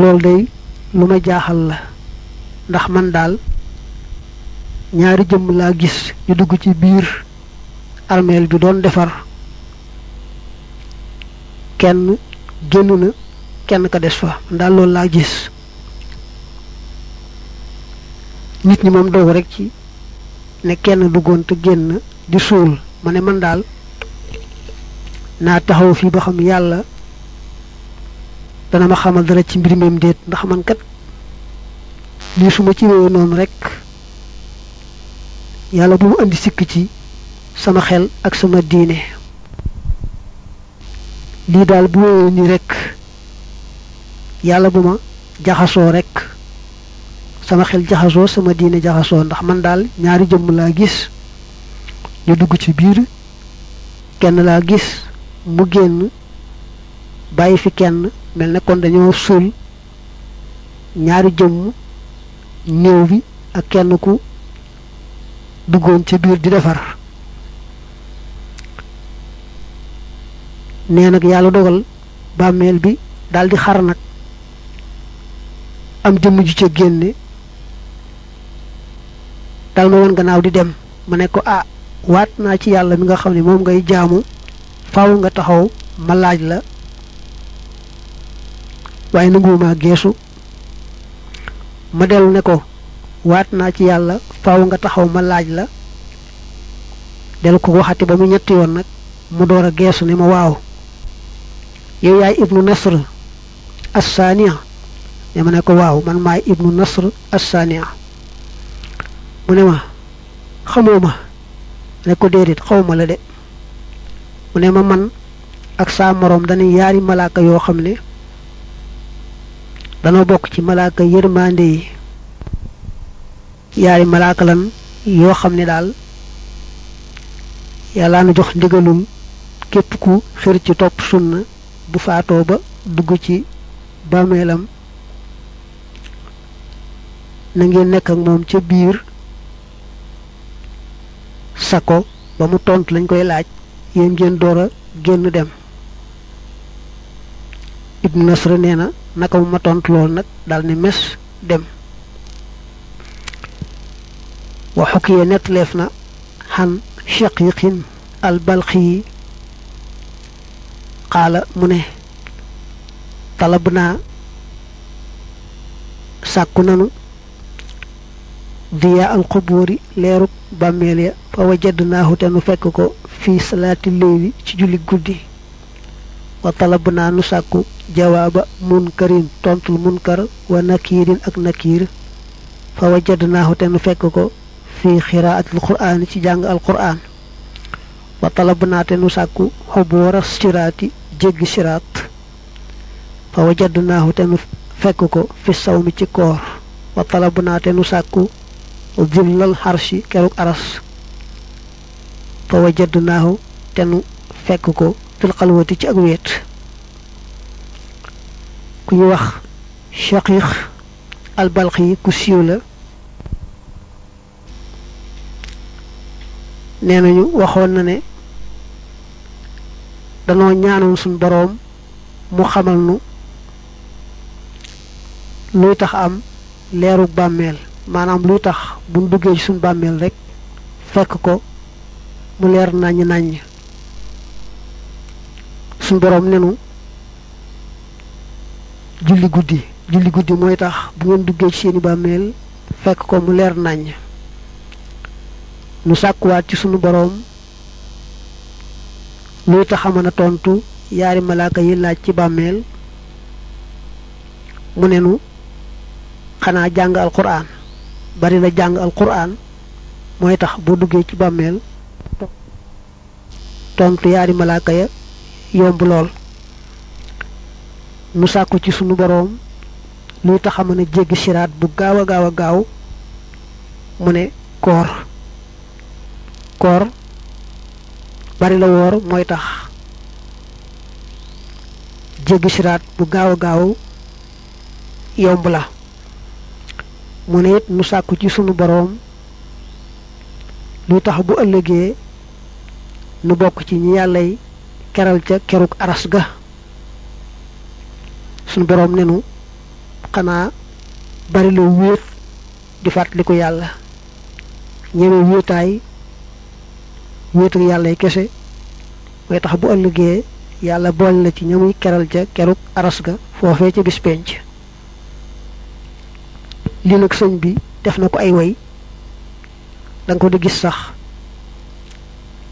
loolu day lu ma jaaxal la ndax man daal ñaari jëmm laa gis ñu dugg ci biir armeel bi doon defar kenn génn na kenn ka des fa daal loolu laa gis nit ñi moom dogu rekk ci ne kenn duggoon te génn di suul ma ne man daal naa taxaw fii ba xam yàlla dana ma xamal dara ci mbir meem déet ndax mankat kat lii su ma ci wéyoo noonu rek yàlla bu mu andi sikk ci sama xel ak sama diine lii daal bu wéyoo nii rek yàlla bu ma jaxasoo rek sama xel jaxasoo sama diine jaxasoo ndax man daal ñaari jëmm laa gis ñu dugg ci biir kenn laa gis mu génn bàyyi fi kenn mel na kon dañoo suul ñaari jëmm néew bi ak kenn ku duggoon ca biir di defar nee nag yàlla dogal bàmmeel bi daldi di xar nag am jëmm ju ca génne dal ma woon gannaaw di dem ma ne ko ah waat naa ci yàlla mi nga xam ni moom ngay jaamu faaw nga taxaw ma laaj la waaye nanguwumaa geesu ma dellu ne ko waat naa ci yàlla faaw nga taxaw ma laaj la dellu ko waxati ba mu ñetti yoon nag mu door a geesu ne ma waaw yow yaay ibnu nasr assania ne ma ne ko waaw man maay ibnu nasr assania mu ne ma xamoo ma ne ko déedéet xaw ma la de mu ne ma man ak saa moroom dañuy yaari malaaka yoo xam ne danoo bokk ci malaaka yërmande yi yaari malaaka lan yoo xam ne daal yàllaa na jox ndigalul képp ku xër ci topp sunna bu faatoo ba dugg ci bàmmeelam na ngeen nekk ak moom ca biir sako ba mu tontu lañ koy laaj yéen ngeen door a génn dem Ibn Nasr nee na naka mu ma tontu loolu nag dal ne mes dem wa xukkiya nettaleef na xan shaqiqin albalxi yi xaala mu ne talab naa sàkku nanu diyaa alxubóori leeruk bàmmeel ya fa wajadnaahu te nu fekk ko fii salaati léewi ci julli guddi wa talab naa nu sàkku jawaaba munkarin tontul munkar wa nakiirin ak nakiir fa wajadnaahu te nu fekk ko fi xiraatil qur'aani ci jàng al qur'aan wa talab naa te nu sàkku xuboora siraati jéggi siraat fa wajadnaahu te nu fekk ko fi sawmi ci koor wa talab nu sàkku dullal xarsi keruk aras fa wajadnaahu te nu fekk ko fil ci ak wéet ku ñu wax shaqiq albalxi yi ku siiw la nee nañu waxoon na ne danoo ñaanoon suñ boroom mu xamal nu luy tax am leerug bàmmeel maanaam luy tax buñ duggee ci suñ bàmmeel rekk fekk ko mu leer naññ naññ suñ borom nenu julli guddi julli guddi mooy tax bu ngeen duggee ci seeni bàmmeel fekk ko mu leer nàññ nu sàkkuwaat ci sunu boroom luy tax a mën tontu yaari malaaka yi laaj ci bàmmeel mu ne xanaa jàng alquran bari la jàng alquran mooy tax boo duggee ci bàmmeel tontu yaari malaaka ya yomb lool nu sàkku ci sunu boroom luy tax a mën jéggi siraat bu gaaw a gaaw a gaaw mu ne koor koor bari la woor mooy tax jéggi siraat bu gaaw a gaaw yomb la mu ne it nu sàkku ci sunu boroom luy tax bu ëllëgee nu bokk ci ñi yàllay keral ca keruk aras ga suñu boroom nenu xanaa bari loo wéet di ko yàlla ñeme wéetaay wéetal yàlla yi kese mooy tax bu ëllëgee yàlla boole na ci ñamuy keral ca keruk aras ga foofee ca bis penc lii sëñ bi def na ko ay way danga ko di gis sax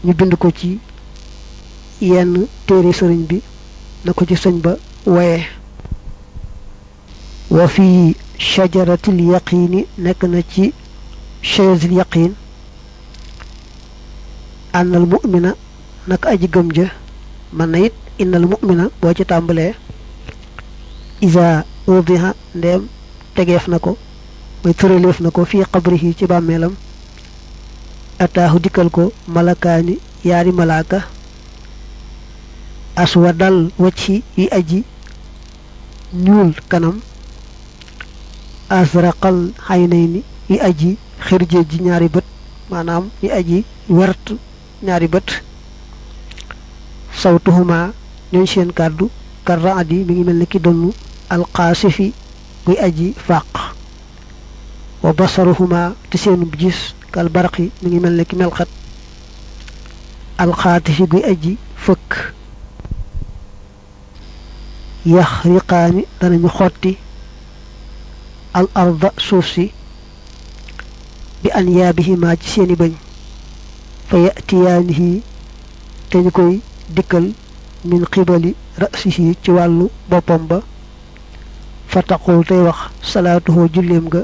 ñu bind ko ci yenn téere sëriñ bi na ko ci soñ ba waye wa fi shajaratil yaqini nekk na ci shajaratil yaqin ànnal mu'mina naka aji gëm ja mën na it innal mu'mina boo ci tàmbalee isa udiha ndeem tegeef na ko mooy tëraleef na ko fii xabrihi ci bàmmeelam ataahu dikkal ko malakaani yaari malaaka aswadal wacci yi aji ñuul kanam asraqal xaynayni yi aji xërje ji ñaari bët maanaam yi aji wert ñaari bët sawtuhuma ñooñ seen kàddu karra adi mi ngi mel ni ki donnu alqaasifi buy aji fàq wa basaruhuma te seenub gis kal baraqi mi ngi mel ni ki melxat alxaatifi buy aji fëkk yaxriqaani danañu xotti al arda suuf si bi an yaabihima ci seeni bañ fa yatiyaanihi te ñu koy dikkal min xibali rasihi ci wàllu boppam ba fa taqul tey wax salaatuhoo julleem nga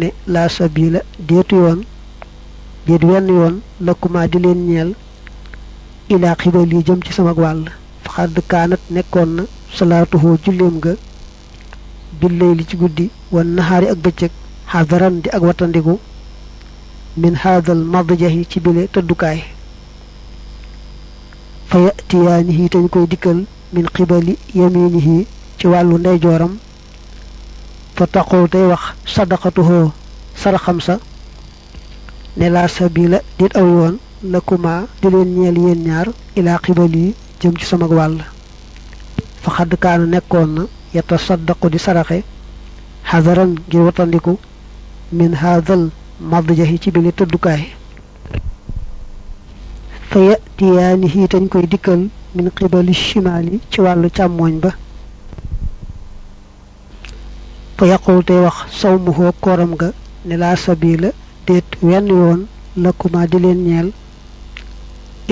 ne laa sabila déetu yoon déet wenn yoon lakkumaa di leen ñeel ilaa xibal yi jëm ci sama wàll faxad kaanat nekkoon na salaatuhu julleem ga billay li ci guddi wan naxaari ci bile tëddukaay fa yatiyaanihi te ñu koy dikkal min xibali yaminihi ci wàllu ndeyjooram fa taqul tey wax sadaqatuhoo saraxam sa ne laa sabila dit aw yoon lakuma di leen ñeel yéen ñaar ilaa xibali jëm ci sama wàll fa xadd di saraxe xadaran ngir ci tëddukaay fa yatiyaani koy dikkal min qibali chimaali ci wàllu càmmooñ ba fa yaqul tey wax saw mu hoo kooram ga ne laa sabila déet wenn yoon lëkkuma di leen ñeel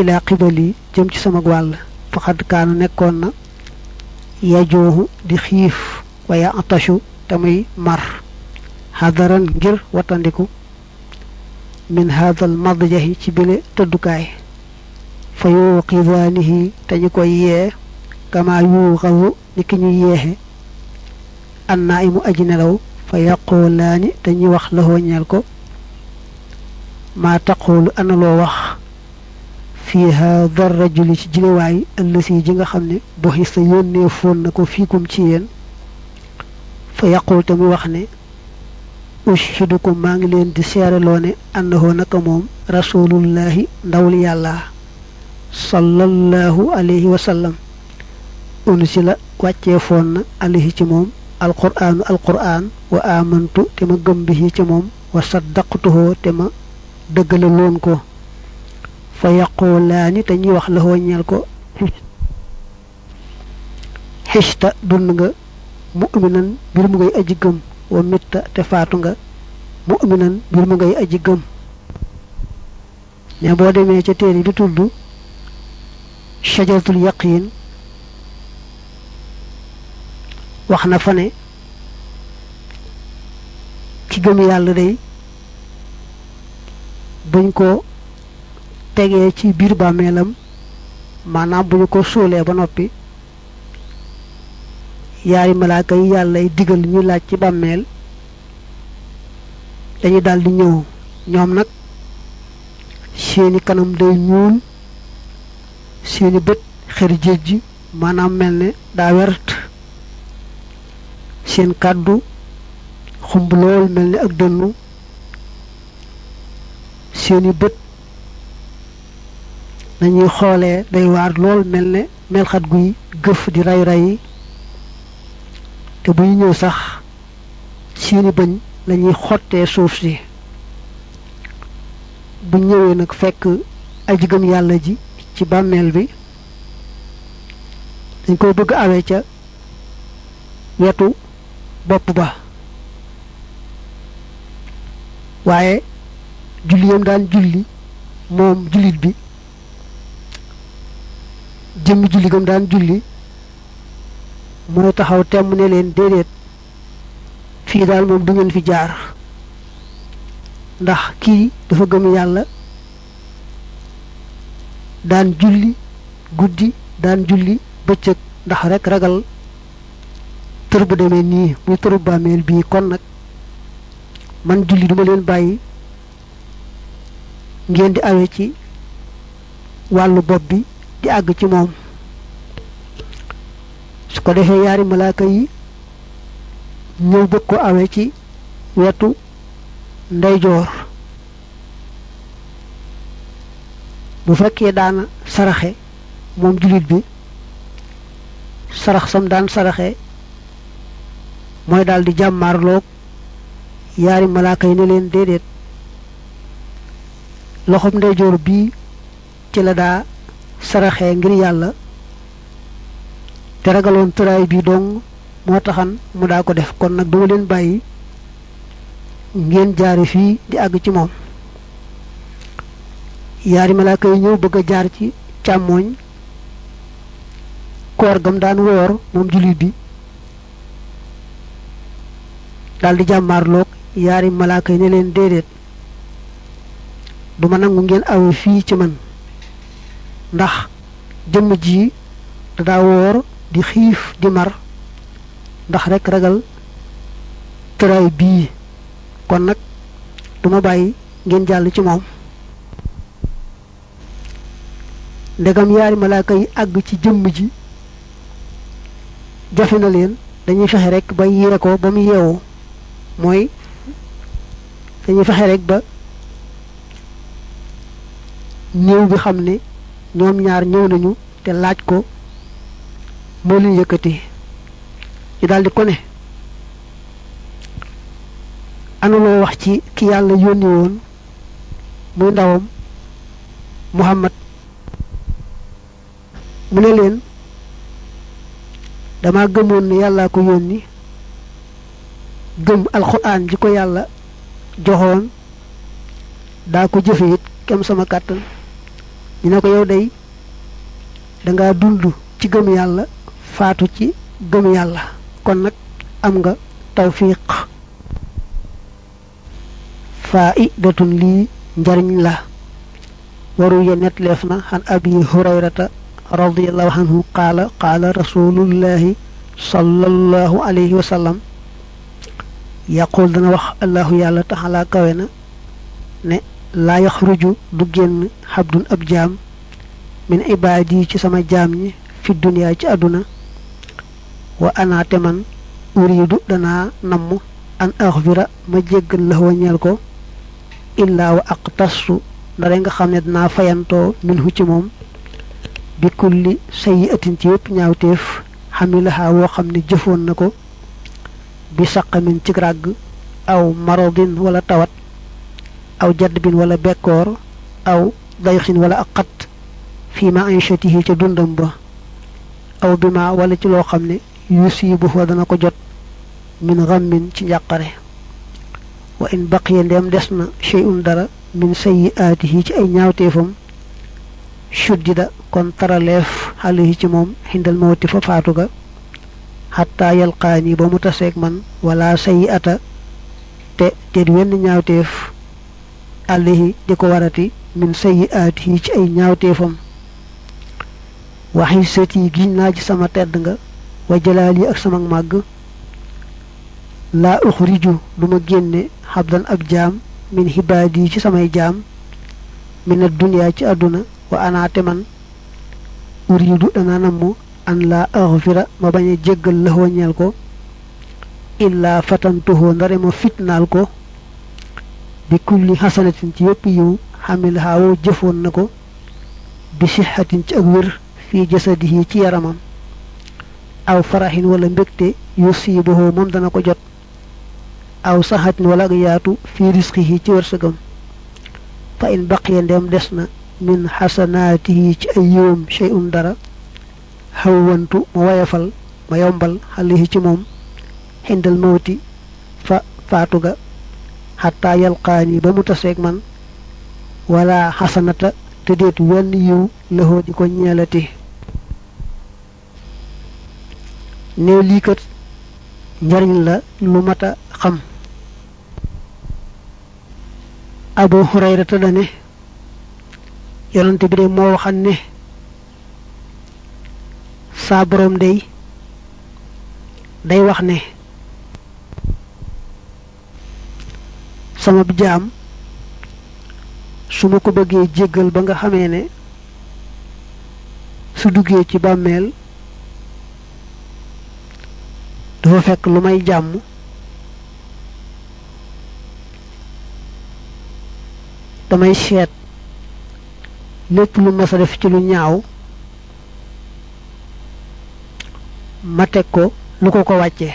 ilaa qibali jëm ci sama wàll fa xadd kaana nekkoon na yajoohu di xiif wa ya atashu te muy mar xadaran ngir wattandiku min hadal madjahi ci bile tëddukaay fa yuqidaanihi te ñu koy yee kama yuuxazu ni ki ñuy yeexe annaa imu aji nelaw fa yaquulaani te ñuy wax laxoo ñeel ko maa taquulu ana loo wax fiiha dar rajuli ci jiliwaay allasi ji nga xam ne boxi sa yónnee foon na ko fiikum ci yéen fa yaqul tamu wax ne ushidukum maa ngi leen di seeraloo ne annahu naka moom rasulullahi ndawul yàlla sallallahu alayhi wa sallam unsila wàccee foon na alayhi ci moom alquraanu alquraan wa amantu te ma gëm bihi ci moom wa saddaqtuhu te ma dëggala loon ko fa yaqulaani te ñuy wax la xoo ñeel ko xista dund nga mu'minan mbir mu ngay aji gëm wa mitta te faatu nga mu'minan mbir mu ngay aji gëm mais boo demee ca téere bi tudd shajaratul yaqiin wax na fa ne ki gëm yàlla day buñ ko tegee ci biir bàmmeelam maanaam bu ñu ko sóolee ba noppi yaari malaaka yi yàllay digal ñu laaj ci bàmmeel dañu daldi ñëw ñoom nag seeni kanam day ñuul seeni bët xër géej gi maanaam mel ne daa wert seen kàddu xumb lool mel ne ak dënnu seeni bët nañuy xoolee day waar lool mel ne melxat guy gëf di ray ray te buy ñëw sax seeni bëñ lañuy xottee suuf si bu ñëwee nag fekk aji gëm yàlla ji ci bàmmeel bi dañ koy bëgg awee ca wetu bopp ba waaye julli daan julli moom jullit bi jëmm julli gam daan julli mooy taxaw temm ne leen déedéet fii daal moom du ngeen fi jaar ndax kii dafa gëm yàlla daan julli guddi daan julli bëccëg ndax rek ragal tër deme demee nii muy tëru bàmmeel bii kon nag man julli duma leen bàyyi ngeen di awee ci wàllu bopp bi di àgg ci moom su ko defee yaari malaaka yi ñëw bëgg ko awee ci wetu ndeyjoor bu fekkee daana saraxe moom jullit bi sarax sam daan saraxe mooy daal di jàmmaarloog yaari malaaka yi ne leen déedéet loxoom ndeyjoor bii ci la daa saraxee ngir yàlla te ragaloon turaay bi dong moo taxan mu daa ko def kon nag duma leen bàyyi ngeen jaare fii di àgg ci moom yaari malaaka yi ñëw bëgg a jaar ci càmmooñ koor gam daan woor moom jullit bi daldi di jàmmaarloog yaari malaaka yi ne leen déedéet duma nangu ngeen awe fii ci man ndax jëmm ji daa di xiif di mar ndax rekk ragal tëraay bii kon nag duma bàyyi ngeen jàll ci moom ndegam yaari malaaka yi àgg ci jëmm ji jafe na leen dañuy fexe rekk ba yiire ko ba mu yeewu mooy dañuy fexe rekk ba néew bi xam ne ñoom ñaar ñëw nañu te laaj ko moo leen yëkkati ñu daldi ko ne ana wax ci ki yàlla yónni woon muy ndawam Muhammad mu ne leen dama gëmoon ne yàllaa ko yónni gëm alxuraan ji ko yàlla joxoon daa ko jëfe it kem sama kàttan ñu ne ko yow day da dund ci gëm yàlla faatu ci gëm yàlla kon nag am nga tawfiq faidatun lii njariñ la waru ya netleef na xan abi hurayrata radiallahu qaala qaala rasulullahi sallallahu alayhi wa sallam dana wax allahu yàlla taxalaa kawe na ne laa yaxruju du génn xabdun ab jaam min ibaadi ci sama jaam ñi fi duniyaa ci àdduna wa anaate man uriidu danaa namm an axfira ma jéggal laxwañeel ko illaa wa aq tassu ndare nga xam ne danaa fayantoo min ci moom bi kulli sayi atin ci yépp ñaawteef xamilahaa woo xam ne jëfoon na ko bi saqamin ci ràgg aw marodin wala tawat aw jadbin wala bekkoor aw dayxin wala ak xat fii ma inchatihi ca dundam ba aw bi ma wala ci loo xam ne yusiibu wa dana ko jot min xammin ci njàqare wa in baqiya ndeem des na shay'un dara min sayyi'aatihi ci ay ñaawteefam shuddida kon taraleef alayhi ci moom xindal mawti fa faatu ga xataa yalqaani ba mu taseeg man wala ata te déet wenn ñaawteef alayhi di ko warati min sayyi'aati yi ci ay ñaawteefam waxi sët yi giñ naa ci sama tedd nga wa jalaal ak sama màgg laa uxriju du ma génne xabdan ab jaam min xibaad yi ci samay jaam mina duniyaa ci àdduna wa anaate man uridu dana namm an laa axfira ma bañ a jéggal laxooñeel ko illaa fatantuhoo ndare ma fitnaal ko bi li xasanatin ci yépp yiw xamil haawo jëfoon na ko bi sixatin ci ak wér fii jasadihi ci yaramam aw faraxin wala mbégte yusiibuhu moom dana ko jot aw saxatin wala ak yaatu fii risqihi ci wërsëgam fa in baqiya ndem des na min xasanaatihi ci ay yiwam shay'un dara xawwantu ma wayafal ma yombal xalihi ci moom xindal mawti fa faatu ga xataa yalqaani ba mu taseeg man wala xasanata te déet wenn yiw laxoo di ko ñeelati ne lii kat njariñ la lu mat a xam abu hurayrata la ne yonante bi de moo waxan ne saa borom day day wax ne samab jaam su ma ko bëggee jéggal ba nga xamee ne su duggee ci bàmmeel dafa fekk lu may jàmm damay seet lépp lu mas a def ci lu ñaaw ma teg ko lu ko ko wàcce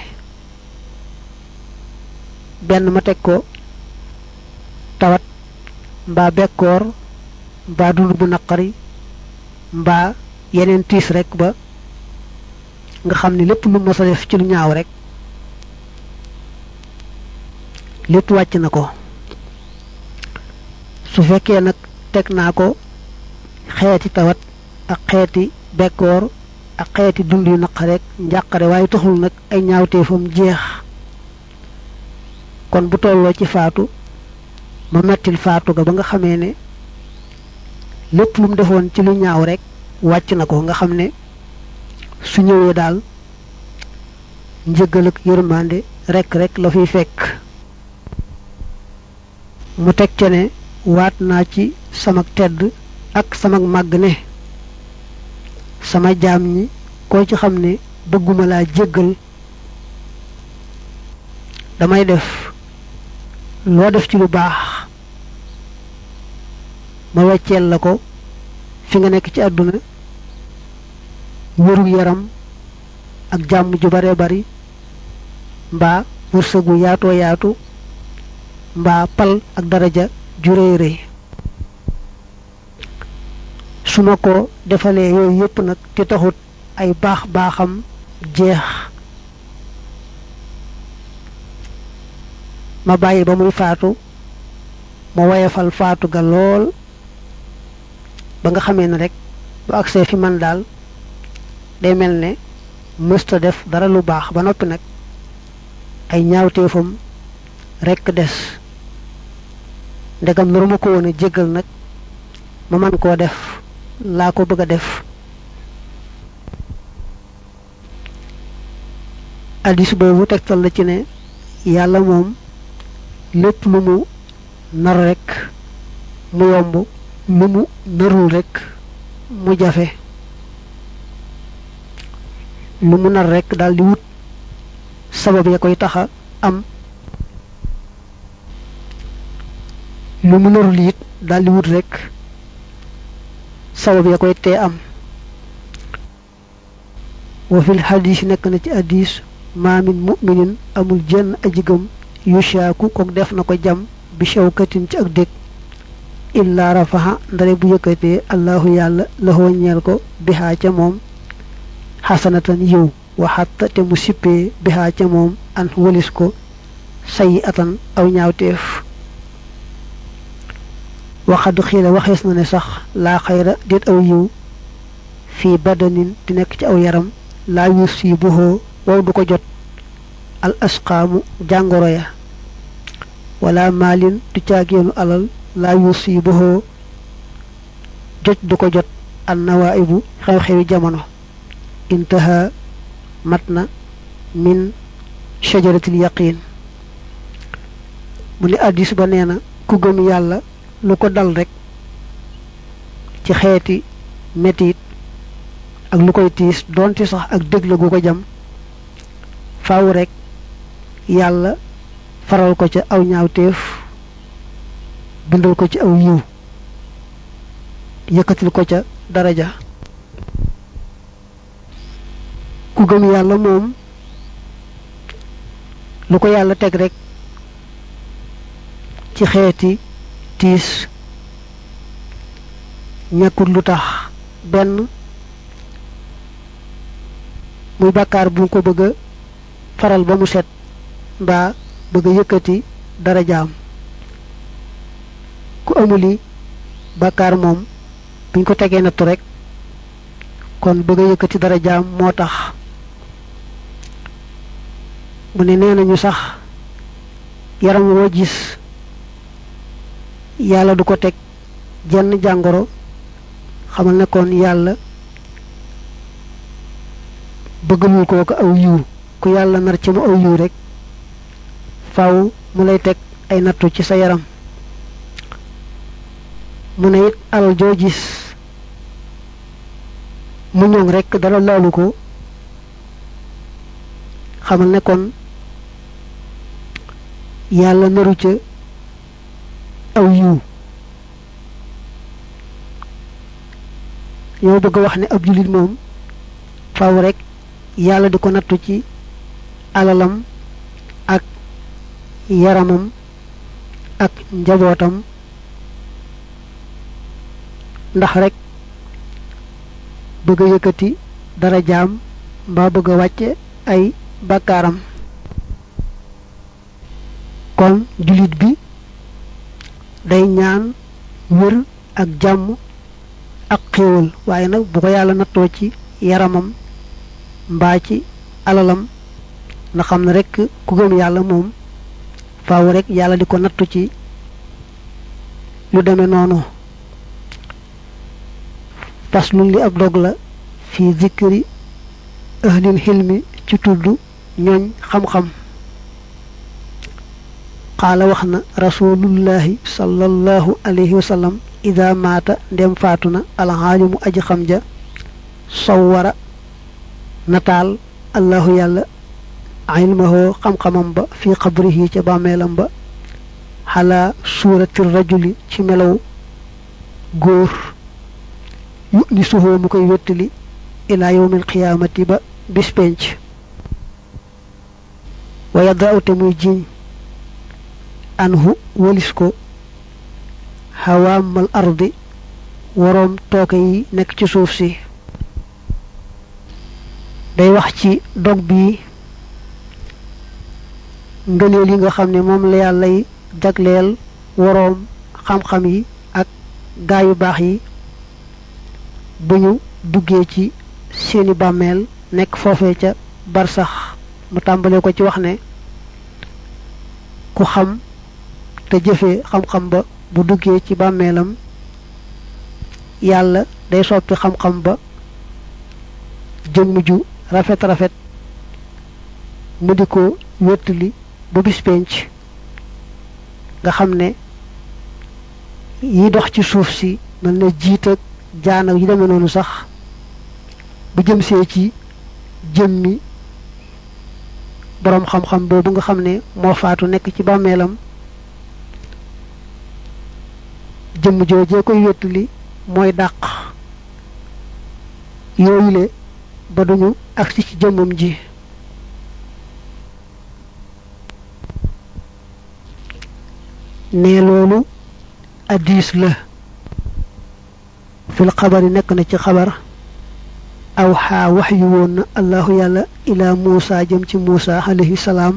benn ma teg ko tawat mbaa bekkoor mbaa dund bu naqari mbaa yeneen tiis rekk ba nga xam ne lépp lu ma a def ci lu ñaaw rekk lépp wàcc na ko su fekkee nag teg naa ko xeeti tawat ak xeeti bekkoor ak xeeti dund yu rekk njàqare waaye taxul nag ay ñaawteefam jeex kon bu tolloo ci faatu ma mettil faatu ga ba nga xamee ne lépp lu defoon ci lu ñaaw rekk wàcc na ko nga xam ne su ñëwee daal njëggal ak yërmande rekk rek la fiy fekk mu teg ca ne waat naa ci sama tedd ak sama màgg ne sama jaam ñi koo ci xam ne bëgguma laa jéggal damay def loo def ci lu baax ma wecceel la ko fi nga nekk ci àdduna wérug yaram ak jàmm ju bare bari mbaa wërsëgu yaatoo yaatu mbaa pal ak daraja ju réy réy su ma ko defalee yooyu yépp nag te taxut ay baax baaxam jeex ma bàyyi ba muy faatu ma woyafal faatu ga lool ba nga xamee ne rek bu agsee fi man daal day mel ne mësta def dara lu baax ba noppi nag ay ñaawteefam rekk des ndegam nar ma ko woon a jéggal nag ma man koo def laa ko bëgg a def addis boobu tegtal la ci ne yàlla moom lépp lu mu nar rekk mu yomb lu mu narul rekk mu jafe lu mu nar rekk daldi wut sabab ya koy taxa am lu mu narul it daldi wut rekk sabab ya koy tee am wa fil xadis nekk na ci hadis maa min muminin amul jenn aji yushaaku kook def na ko jam bi shawkatin ci ak dég illa rafaha ndare bu yëkkatee allahu yàlla laxoo ñeel ko bihaa ca moom xasanatan yiw waxatta te mu sippee bihaa ca moom an walis ko sayi atan aw ñaawteef waxadu xiila waxees na ne sax laa xayra déet aw yiw fii badanin di nekk ci aw yaram laa yusiibuhu wow du ko jot al asqaamu jàngoro ya wala maalin du alal laa yusiibuhu joj du ko jot an nawaibu xew-xewi jamono intaha mat na min shajaratil yaqin mu ne addis ba nee na ku gëm yàlla lu ko dal rek ci xeeti metit ak lu koy tiis donte sax ak dëgle gu ko jam faw rek yàlla faral ko ca aw ñaawteef bindal ko ci aw yiw yëkkatil ko ca dara ja ku gëm yàlla moom lu ko yàlla teg rekk ci xeeti tiis ñàkkut lu tax benn muy bàkkaar bu ko bëgg a faral ba mu set mbaa bëgg a yëkkati ku jaam ku amuli bàkkaar moom biñ ko tegee nattu rekk kon bëgg a yëkkati dara jaam moo tax mu ne nee ñu sax yaram woo gis yàlla du ko teg jenn jàngoro xamal ne kon yàlla bëggalul ko aw yiw ku yàlla nar ci mu aw yiw rek faaw mu lay teg ay nattu ci sa yaram mu ne it alal joo gis mu ñoŋ rekk dara laalu ko xamal ne yàlla naru ca aw yiw yow bëgg a wax ni ab jullit moom faw rekk yàlla di ko nattu ci alalam yaramam ak njabootam ndax rekk bëgg a yëkkati dara jaam mbaa bëgg a wàcce ay bakkaaram kon jullit bi day ñaan wér ak jàmm ak xéewal waaye nag bu ko yàlla nattoo ci yaramam mbaa ci alalam na rekk ku gëm yàlla moom faaw rek yàlla di ko nattu ci lu demee noonu faslun li ak dog la fii zikri ahlil xilmi ci tudd ñooñ xam-xam qaala wax na rasulullahi sallallahu alayhi wa sallam maata ndem faatu na alxaalimu aji xam ja sawwara nataal allahu yàlla ilmahu xam-xamam ba ci melaw góor koy wéttali ilaa yowmil qiyaamati ba bis penc anhu wëlis ko xawaamal ardi waroom tooke yi nekk ci suuf si day wax ci dog bii ngëneel yi nga xam ne moom la yàlla lay jagleel woroom xam-xam yi ak gaa yu baax yi bu ñu duggee ci seeni bàmmeel nekk foofee ca barsax mu tàmbalee ko ci wax ne ku xam te jëfe xam-xam ba bu duggee ci bàmmeelam yàlla day soppi xam-xam ba jëmm ju rafet-rafet mu di ko li ba bis penc nga xam ne yi dox ci suuf si mën na jiit ak jaanaw yi demee noonu sax bu jëm see ci jëmmi boroom xam-xam boobu nga xam ne moo faatu nekk ci bàmmeelam jëmm joojee koy wéttali mooy dàq yooyule ba duñu agsi ci jëmmam ji nee loolu addis la fil xabari nekk na ci xabar aw xaa wax yu woon na allahu yàlla ilaa muusa jëm ci muusa alayhi salaam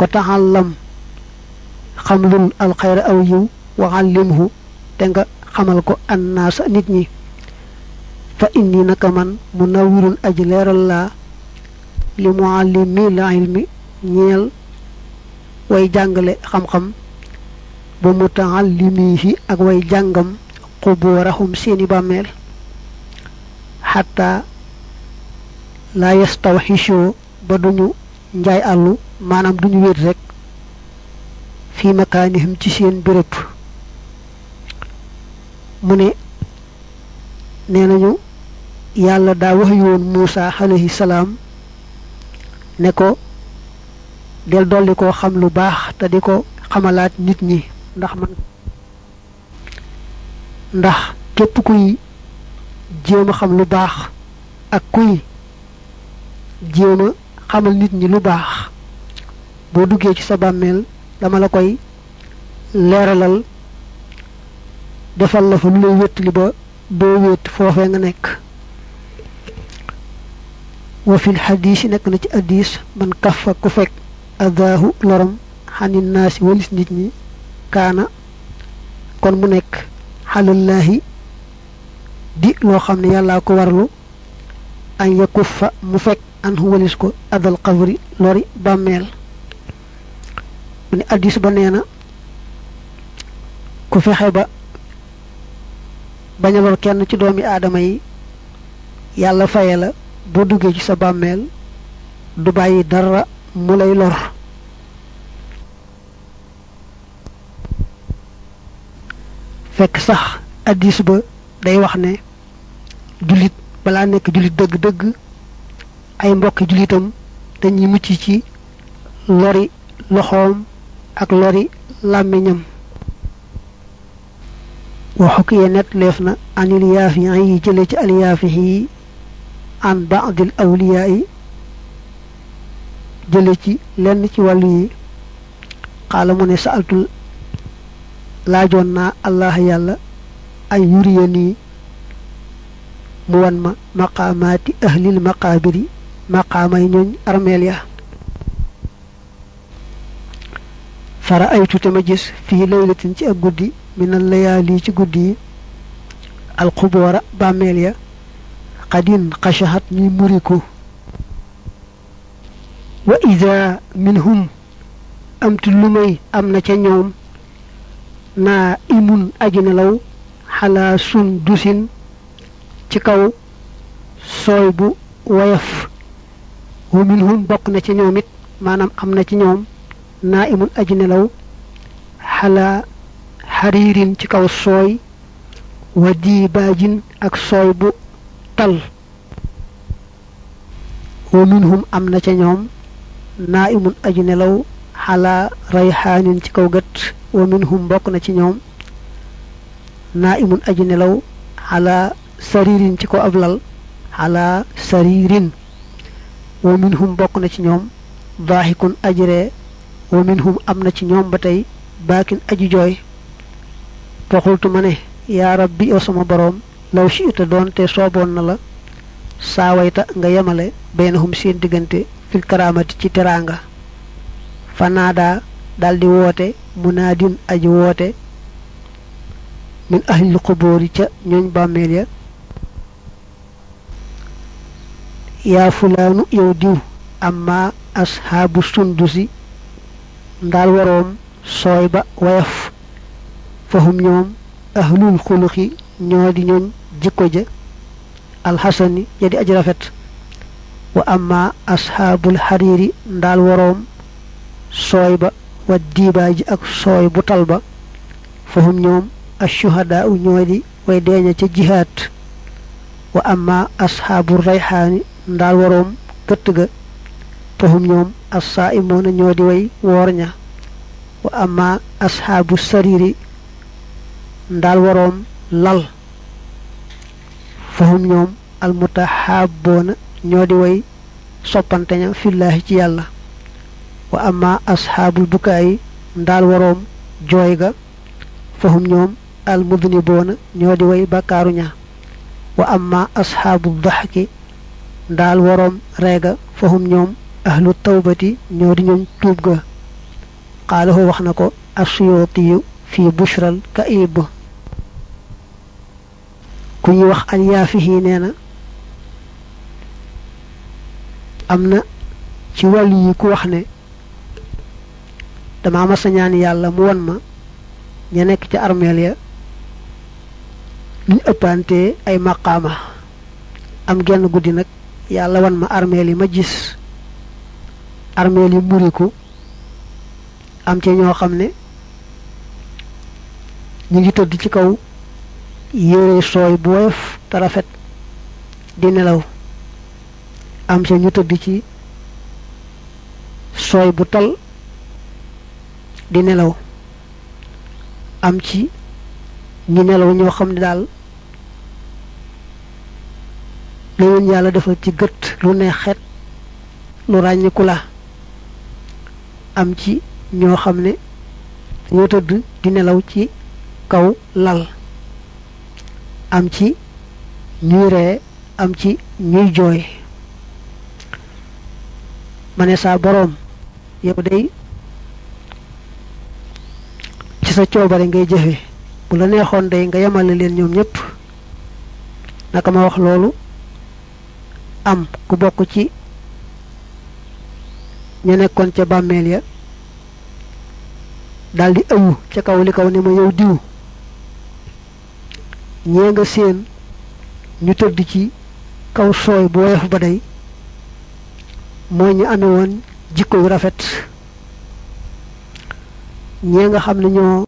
ko taxallam xam lul alxayra aw yiw waxallimhu te nga xamal ko annaasa nit ñi fa indi naka man mu nawirun aji leeral laa li muallimi la ilmi ñeel way jàngale xam-xam ba mutaallimihi ak way jàngam quburahum seeni bàmmeel xataa laa yastawxisoo ba duñu njaay àllu maanaam duñu wéet rek fii makaanihim ci seen béréb mu ne nee nañu yàlla daa wax yoon Muusa alayhi salaam ne ko del dolli ko xam lu baax te di ko xamalaat nit ñi ndax man ndax képp kuy jéem a xam lu baax ak kuy jéem a xamal nit ñi lu baax boo duggee ci sa bàmmeel dama la koy leeralal defal la fa lu lay wéttali ba boo wéet foofee nga nekk wa fil yi nekk na ci hadiis man kafa ku fekk adaahu loram naa ci walis nit ñi kaana kon mu nekk xalallaahi di loo xam ne yàllaa ko warlu an yakuffa mu fekk an walis ko adal xabri lori bàmmeel mu ne addis ba nee na ku fexe ba bañ a kenn ci doomi aadama yi yàlla faye la boo duggee ci sa bàmmeel du bàyyi dara mu lay lor fekk sax addis ba day wax ne jullit balaa nekk jullit dëgg-dëgg ay mbokki jullitam dañuy mucc ci lori loxoom ak lori làmmiñam waxu ki ya net leef na anil yaafi an yi jële ci alyaafi yi an baadil awliyaa yi jële ci lenn ci wàllu yi xaala mu ne saaltul laajoon naa allah yàlla ay yuriya nii mu wan ma maqaamaati ahlil maqaabiri maqaamay ñooñ armeel ya fara aytu ma gis fii laylatin ci ak guddi minal layaali ci guddi yi alxuboora bàmmeel ya xadin xachahat ñuy muriku wa ida minhum amtu lu may am na ca ñoom naa imun aji nelaw xalaa sun dusin ci kaw sooy bu woyof wa minhum bokk na ci ñoom it maanaam am na ci ñoom naa imun aji nelaw xalaa xariirin ci kaw sooy wa diibaajin ak sooy bu tal wa minhum am na ci ñoom naa imun aji nelaw xalaa rayxaanin ci kaw gët wa minhum bokk na ci ñoom naa imun aji nelaw ala saririn ci ko ab lal ala saririn wa minhum bokk na ci ñoom daahikun ajiree wa minhum am na ci ñoom ba tey baakin aji jooy faxultu ma ne yaa rabbi yow sama boroom law shiita doonte sooboon na la saawayta nga yemale baynahum seen diggante fil karaamati ci teraanga fanaada daldi woote munaadin aji woote min ahlil xubóor ca ñooñ bàmmeel ya yaa fulaanu ashaabu sundusi ndaal waroom sooy ba wayaf fahum ñoom ahlul xuluxi ñoo di jikko ja alxasani ja di rafet wa amma ashaabul xariiri ndaal waroom sooy wa diibaay ji ak sooy bu tal ba fahum ñoom ashuhadaa u di way deeña ca jihaat wa amma asxaabu rayxaani ndaal waroom gëtt ga fahum ñoom assaa ñoo di way woor ña wa amma asxaabu sariri ndaal waroom lal fahum ñoom almutaxaaboona ñoo di way soppante ña fillaahi ci yàlla wa amma asxaabul bukaayi ndaal waroom jooy ga fahum ñoom almudniboona ñoo di way bakkaaru ña wa amma asxaabu daxki ndaal waroom reega fahum ñoom ahlu tawbati ñoo di ñoom tuub ga xaalahu wax na ko asuyootiyu fii bushral ka iib ku ñuy wax an yaafihi nee na am na ci wàllu yi ku wax ne dama ama sañaan yàlla mu won ma ña nekk ca armeel ya ñu ëppante ay màqaama am genn guddi nag yàlla won ma armeel yi ma gis armeel yi muriku am ci ñoo xam ne ñu ngi tëdd ci kaw yére sooy bu woyof te rafet di nelaw am ci ñu tëdd ci sooy bu tal di nelaw am ci ñi nelaw ñoo xam ne daal loolu yàlla defal ci gët lu ne xet lu ràññiku la am ci ñoo xam ne ñoo tëdd di nelaw ci kaw lal am ci ñuy ree am ci ñuy jooy ma ne saa boroom yow day sa coobare ngay jëfe bu la neexoon day nga yemale leen ñoom ñépp naka ma wax loolu am ku bokk ci ñu nekkoon ca bàmmeel ya daldi ëwu ca kaw li kaw ne ma yow diw ñee nga séen ñu tëdd ci kaw sooy bu woyof ba day mooy ñu ame jikko yu rafet ñee nga xam ne ñoo